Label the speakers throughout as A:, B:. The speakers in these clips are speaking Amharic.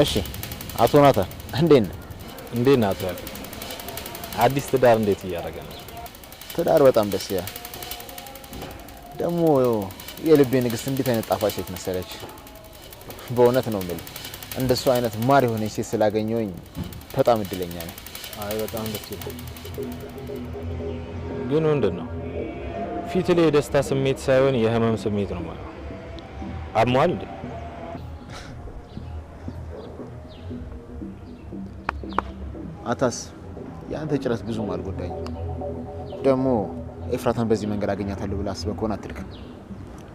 A: እሺ አቶ ናታ እንዴት ነህ?
B: እንዴት ነህ? አቶ አዲስ ትዳር እንዴት እያደረገ ነው?
A: ትዳር በጣም ደስ ይላል። ደግሞ የልቤ ንግስት እንዴት አይነት ጣፋጭ ሴት መሰለች። በእውነት ነው የምልህ እንደሱ አይነት ማር የሆነች ሴት ስላገኘሁኝ በጣም እድለኛ ነኝ።
B: አይ በጣም ደስ ይላል። ግን ምንድን ነው ፊት ላይ የደስታ ስሜት ሳይሆን የህመም ስሜት ነው ማለት አሟል እንዴ?
A: አታስ የአንተ ጭረት ብዙም አልጎዳኝም። ደግሞ ኤፍራታን በዚህ መንገድ አገኛታለሁ ብለህ አስበህ ከሆነ አትልክም።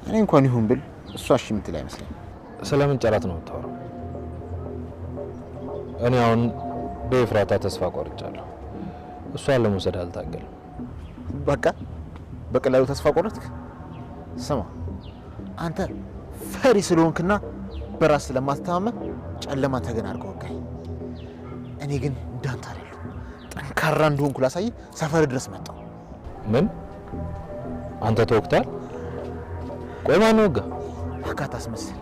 A: እኔ እንኳን ይሁን ብል እሷ እሺ የምትል አይመስለኝም።
B: ስለምን ጭረት ነው የምታወራው? እኔ አሁን በኤፍራታ ተስፋ ቆርጫለሁ። እሷን ለመውሰድ አልታገልም።
A: በቃ በቀላሉ ተስፋ ቆረጥክ። ስማ አንተ ፈሪ ስለሆንክና በራስ ለማስተማመን ጨለማ ተገን አድርገው። እኔ ግን እንዳንተ አይደለሁ። ጠንካራ እንደሆንኩ ላሳይ ሰፈር ድረስ መጣሁ።
B: ምን አንተ ተወቅታል? ቆይ ማነው ወጋ?
A: አካት አስመስል።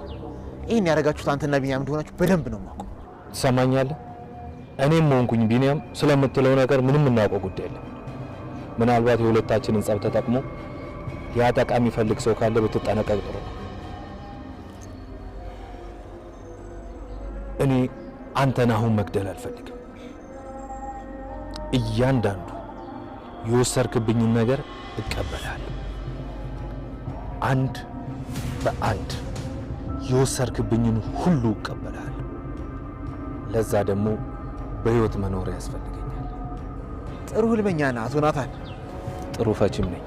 A: ይህን ያደረጋችሁት አንተና ቢኒያም እንደሆናችሁ በደንብ ነው የማውቀው።
B: ትሰማኛለህ? እኔም ሆንኩኝ ቢኒያም ስለምትለው ነገር ምንም እናውቀው ጉዳይ የለም። ምናልባት የሁለታችንን ጸብ ተጠቅሞ ያጠቃ የሚፈልግ ሰው ካለ ብትጠነቀቅ ጥሩ ነው። እኔ አንተን አሁን መግደል አልፈልግም። እያንዳንዱ የወሰርክብኝን ነገር እቀበላለሁ። አንድ በአንድ የወሰርክብኝን ሁሉ እቀበላለሁ። ለዛ ደግሞ በሕይወት መኖር ያስፈልገኛል።
A: ጥሩ ህልመኛ ነህ አቶ ናታን።
B: ጥሩ ፈችም ነኝ።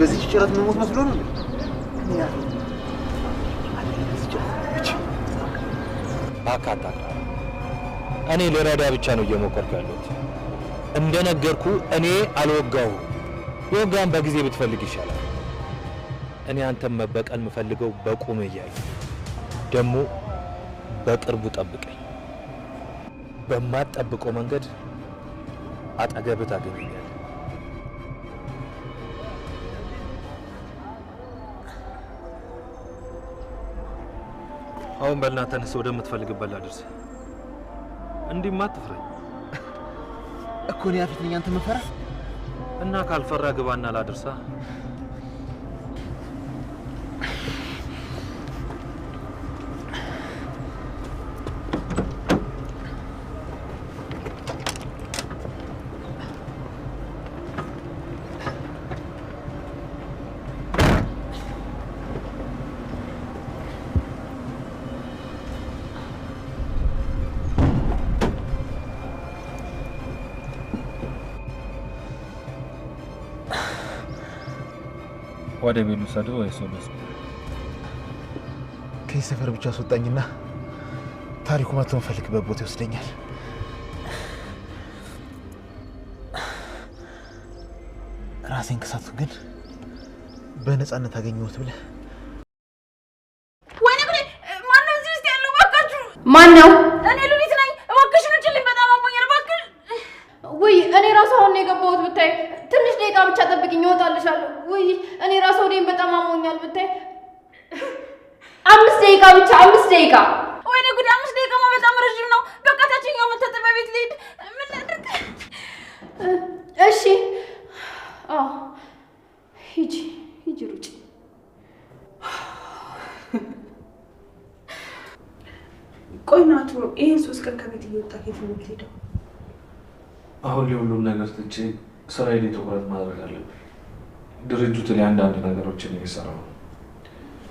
A: በዚህ ጭረት መሞት መስሎ ነው።
B: እባክህ አታቅራ። እኔ ልረዳ ብቻ ነው እየሞከርኩ ያለሁት። እንደነገርኩ እኔ አልወጋሁም። የወጋም በጊዜ ብትፈልግ ይሻላል። እኔ አንተም መበቀል የምፈልገው በቁም እያዩ ደግሞ በቅርቡ ጠብቀኝ። በማትጠብቀው መንገድ አጠገብህ ታገኘኛለህ። አሁን በልና ተነስ፣ ወደምትፈልግበት ላድርስ። እንዲህማ አትፍራኝ
A: እኮ እኔ አፊት ነኝ። አንተ መፈራ
B: እና ካልፈራ ግባና ላድርሳ ወደ ቤት ልውሰድህ ወይስ ወደ
A: ከዚህ ሰፈር ብቻ አስወጣኝና ታሪኩ መቶ የምፈልግበት ቦታ ይወስደኛል። ራሴን ከሳቱ ግን በነፃነት አገኘሁት ብለህ
C: ማነው እዚህ ውስጥ ያለው? እባካችሁ ማን ነው? ደቂቃ። ወይኔ ጉድ! አምስት ደቂቃማ በጣም ረዥም ነው። በቃ ታችኛው መታጠቢያ ቤት ልሂድ። ምን ላድርግ?
D: እሺ፣ አዎ፣ ሂጂ፣ ሂጂ፣ ቆይ ናቱ፣ ይህን ሶስት ቀን ከቤት እየወጣ የምትሄደው?
B: አሁን ነገር ትቼ ስራዬ ላይ ትኩረት ማድረግ አለብኝ። ድርጅቱ ላይ አንዳንድ ነገሮችን እየሰራሁ ነው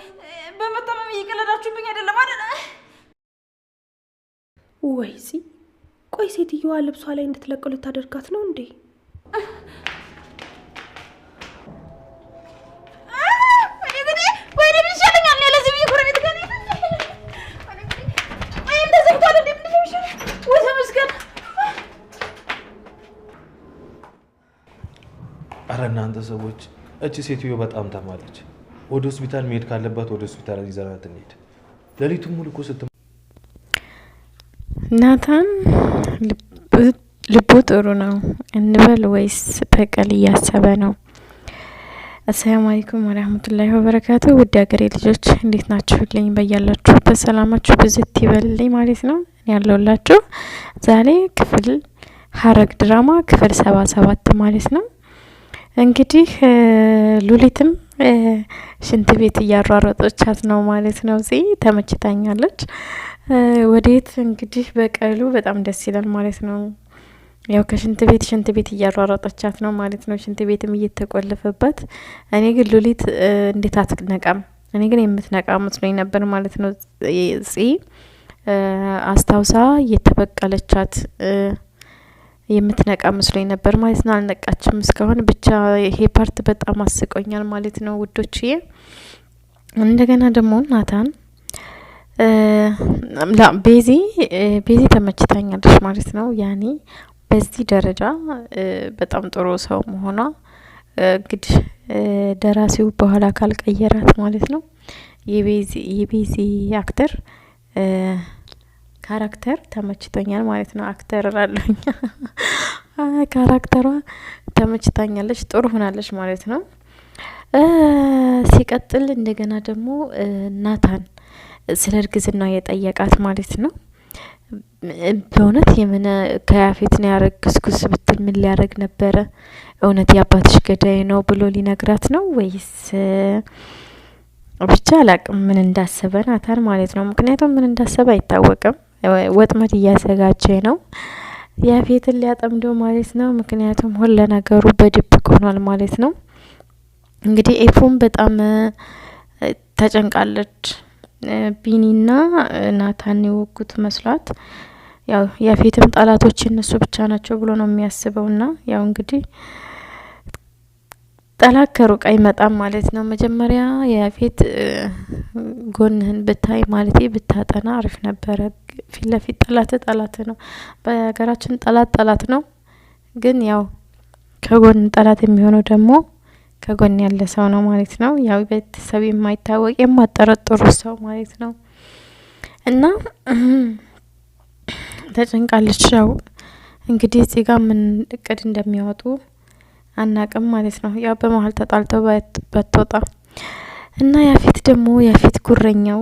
C: አይደለም። በመታመም እየቀለዳችሁብኝ አይደለም አይደለ?
D: ወይዚ ቆይ፣ ሴትየዋ ልብሷ ላይ እንድትለቅሉ ታደርጋት ነው እንዴ?
B: እናንተ ሰዎች፣ እቺ ሴትዮ በጣም ታማለች። ወደ ሆስፒታል መሄድ ካለባት ወደ ሆስፒታል ይዘናት እንሄድ። ሌሊቱን ሙሉ እኮ ስት
E: ናታን ልቡ ጥሩ ነው እንበል ወይስ በቀል እያሰበ ነው? አሰላሙ አለይኩም ወራህመቱላሂ ወበረካቱ። ውድ ሀገሬ ልጆች እንዴት ናችሁልኝ? በያላችሁ በሰላማችሁ ብዝት ይበልልኝ ማለት ነው። ያለውላችሁ ዛሬ ክፍል ሀረግ ድራማ ክፍል ሰባ ሰባት ማለት ነው እንግዲህ ሉሊትም ሽንት ቤት እያሯሯጦቻት ነው ማለት ነው። ዚ ተመችታኛለች። ወዴት እንግዲህ በቀሉ በጣም ደስ ይላል ማለት ነው። ያው ከሽንት ቤት ሽንት ቤት እያሯረጦቻት ነው ማለት ነው። ሽንት ቤትም እየተቆለፈባት። እኔ ግን ሉሊት እንዴት አትነቃም? እኔ ግን የምትነቃ መስሎኝ ነበር ማለት ነው። ጽ አስታውሳ እየተበቀለቻት የምትነቃ መስሎኝ ነበር ማለት ነው። አልነቃችም እስካሁን። ብቻ ይሄ ፓርት በጣም አስቆኛል ማለት ነው ውዶችዬ። እንደገና ደግሞ ናታን ቤዚ ቤዚ ተመችታኛለች ማለት ነው። ያኔ በዚህ ደረጃ በጣም ጥሩ ሰው መሆኗ እንግዲህ ደራሲው በኋላ ካልቀየራት ማለት ነው የቤዚ አክተር ካራክተር ተመችቶኛል ማለት ነው። አክተር ራለኝ ካራክተሯ ተመችታኛለች፣ ጥሩ ሆናለች ማለት ነው። ሲቀጥል እንደገና ደግሞ ናታን ስለ እርግዝና የጠየቃት ማለት ነው። በእውነት የምን ከያፌት ነው ያረገዝኩስ ብትል ምን ሊያደረግ ነበረ? እውነት የአባትሽ ገዳይ ነው ብሎ ሊነግራት ነው ወይስ ብቻ አላቅም ምን እንዳሰበ ናታን ማለት ነው። ምክንያቱም ምን እንዳሰበ አይታወቅም። ወጥመድ እያዘጋጀ ነው ያፌትን ሊያጠምደው ማለት ነው። ምክንያቱም ሁለ ነገሩ በድብቅ ሆኗል ማለት ነው። እንግዲህ ኤፉም በጣም ተጨንቃለች። ቢኒና ናታን የወጉት መስሏት ያው ያፌትም ጠላቶች እነሱ ብቻ ናቸው ብሎ ነው የሚያስበውና ያው እንግዲህ ጠላት ከሩቅ አይመጣም ማለት ነው። መጀመሪያ የፊት ጎንህን ብታይ ማለት ብታጠና አሪፍ ነበረ። ፊት ለፊት ጠላት ጠላት ነው። በሀገራችን ጠላት ጠላት ነው፣ ግን ያው ከጎን ጠላት የሚሆነው ደግሞ ከጎን ያለ ሰው ነው ማለት ነው። ያው ቤተሰብ የማይታወቅ የማጠረጥሩ ሰው ማለት ነው። እና ተጨንቃለች። ያው እንግዲህ እዚህ ጋር ምን እቅድ እንደሚያወጡ አናቅም ማለት ነው። ያው በመሀል ተጣልተው በትወጣ እና ያፌት ደግሞ ያፌት ጉረኛው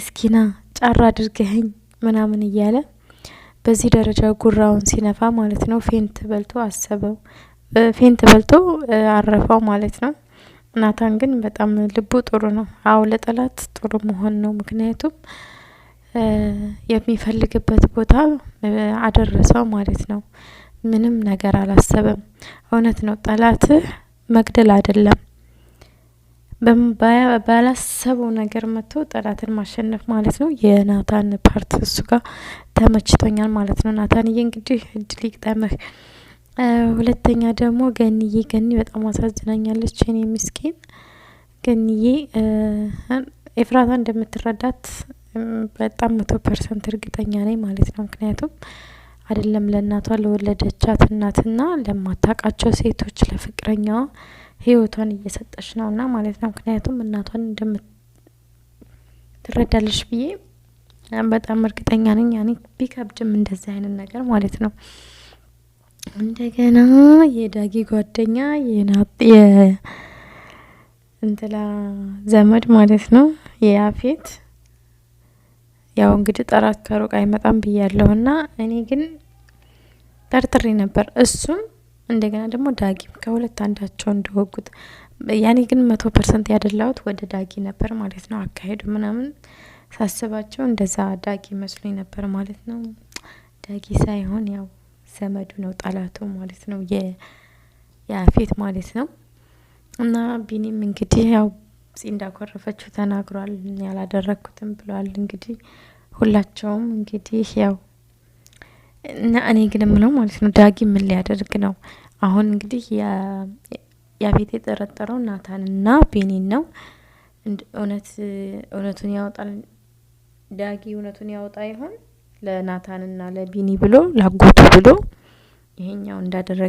E: እስኪና ጫራ አድርገህኝ ምናምን እያለ በዚህ ደረጃ ጉራውን ሲነፋ ማለት ነው። ፌንት በልቶ አሰበው፣ ፌንት በልቶ አረፈው ማለት ነው። ናታን ግን በጣም ልቡ ጥሩ ነው። አዎ ለጠላት ጥሩ መሆን ነው። ምክንያቱም የሚፈልግበት ቦታ አደረሰው ማለት ነው። ምንም ነገር አላሰበም። እውነት ነው ጠላትህ መግደል አይደለም ባላሰበው ነገር መጥቶ ጠላትን ማሸነፍ ማለት ነው። የናታን ፓርት እሱ ጋር ተመችቶኛል ማለት ነው። ናታንዬ እንግዲህ እጅ ይግጠምህ። ሁለተኛ ደግሞ ገንዬ ገኒ በጣም አሳዝናኛለች። እኔ ምስኪን ገንዬ ኤፍራታ እንደምትረዳት በጣም መቶ ፐርሰንት እርግጠኛ ነኝ ማለት ነው። ምክንያቱም አይደለም ለእናቷ ለወለደቻት እናትና ለማታቃቸው ሴቶች ለፍቅረኛዋ ህይወቷን እየሰጠች ነውና ማለት ነው። ምክንያቱም እናቷን እንደምትረዳለች ብዬ በጣም እርግጠኛ ነኝ። ያኔ ቢከብድም እንደዚህ አይነት ነገር ማለት ነው። እንደገና የዳጊ ጓደኛ የእንትላ ዘመድ ማለት ነው የያፌት ያው እንግዲህ ጠራት ከሩቅ አይመጣም ብያለሁና እኔ ግን ጠርጥሬ ነበር። እሱም እንደገና ደግሞ ዳጊም ከሁለት አንዳቸው እንደወጉት ያኔ ግን መቶ ፐርሰንት ያደላሁት ወደ ዳጊ ነበር ማለት ነው። አካሄዱ ምናምን ሳስባቸው እንደዛ ዳጊ መስሎኝ ነበር ማለት ነው። ዳጊ ሳይሆን ያው ዘመዱ ነው ጠላቱ ማለት ነው፣ የያፌት ማለት ነው። እና ቢኒም እንግዲህ ያው ፂ እንዳኮረፈችው ተናግሯል። ያላደረግኩትም ብሏል። እንግዲህ ሁላቸውም እንግዲህ ያው እና እኔ ግን ምለው ማለት ነው ዳጊ ምን ሊያደርግ ነው አሁን? እንግዲህ ያፌት የጠረጠረው ናታንና ቤኒን ነው። እውነቱን ያወጣል ዳጊ እውነቱን ያወጣ ይሆን? ለናታንና ለቢኒ ብሎ ላጎቱ ብሎ ይሄኛው እንዳደረገ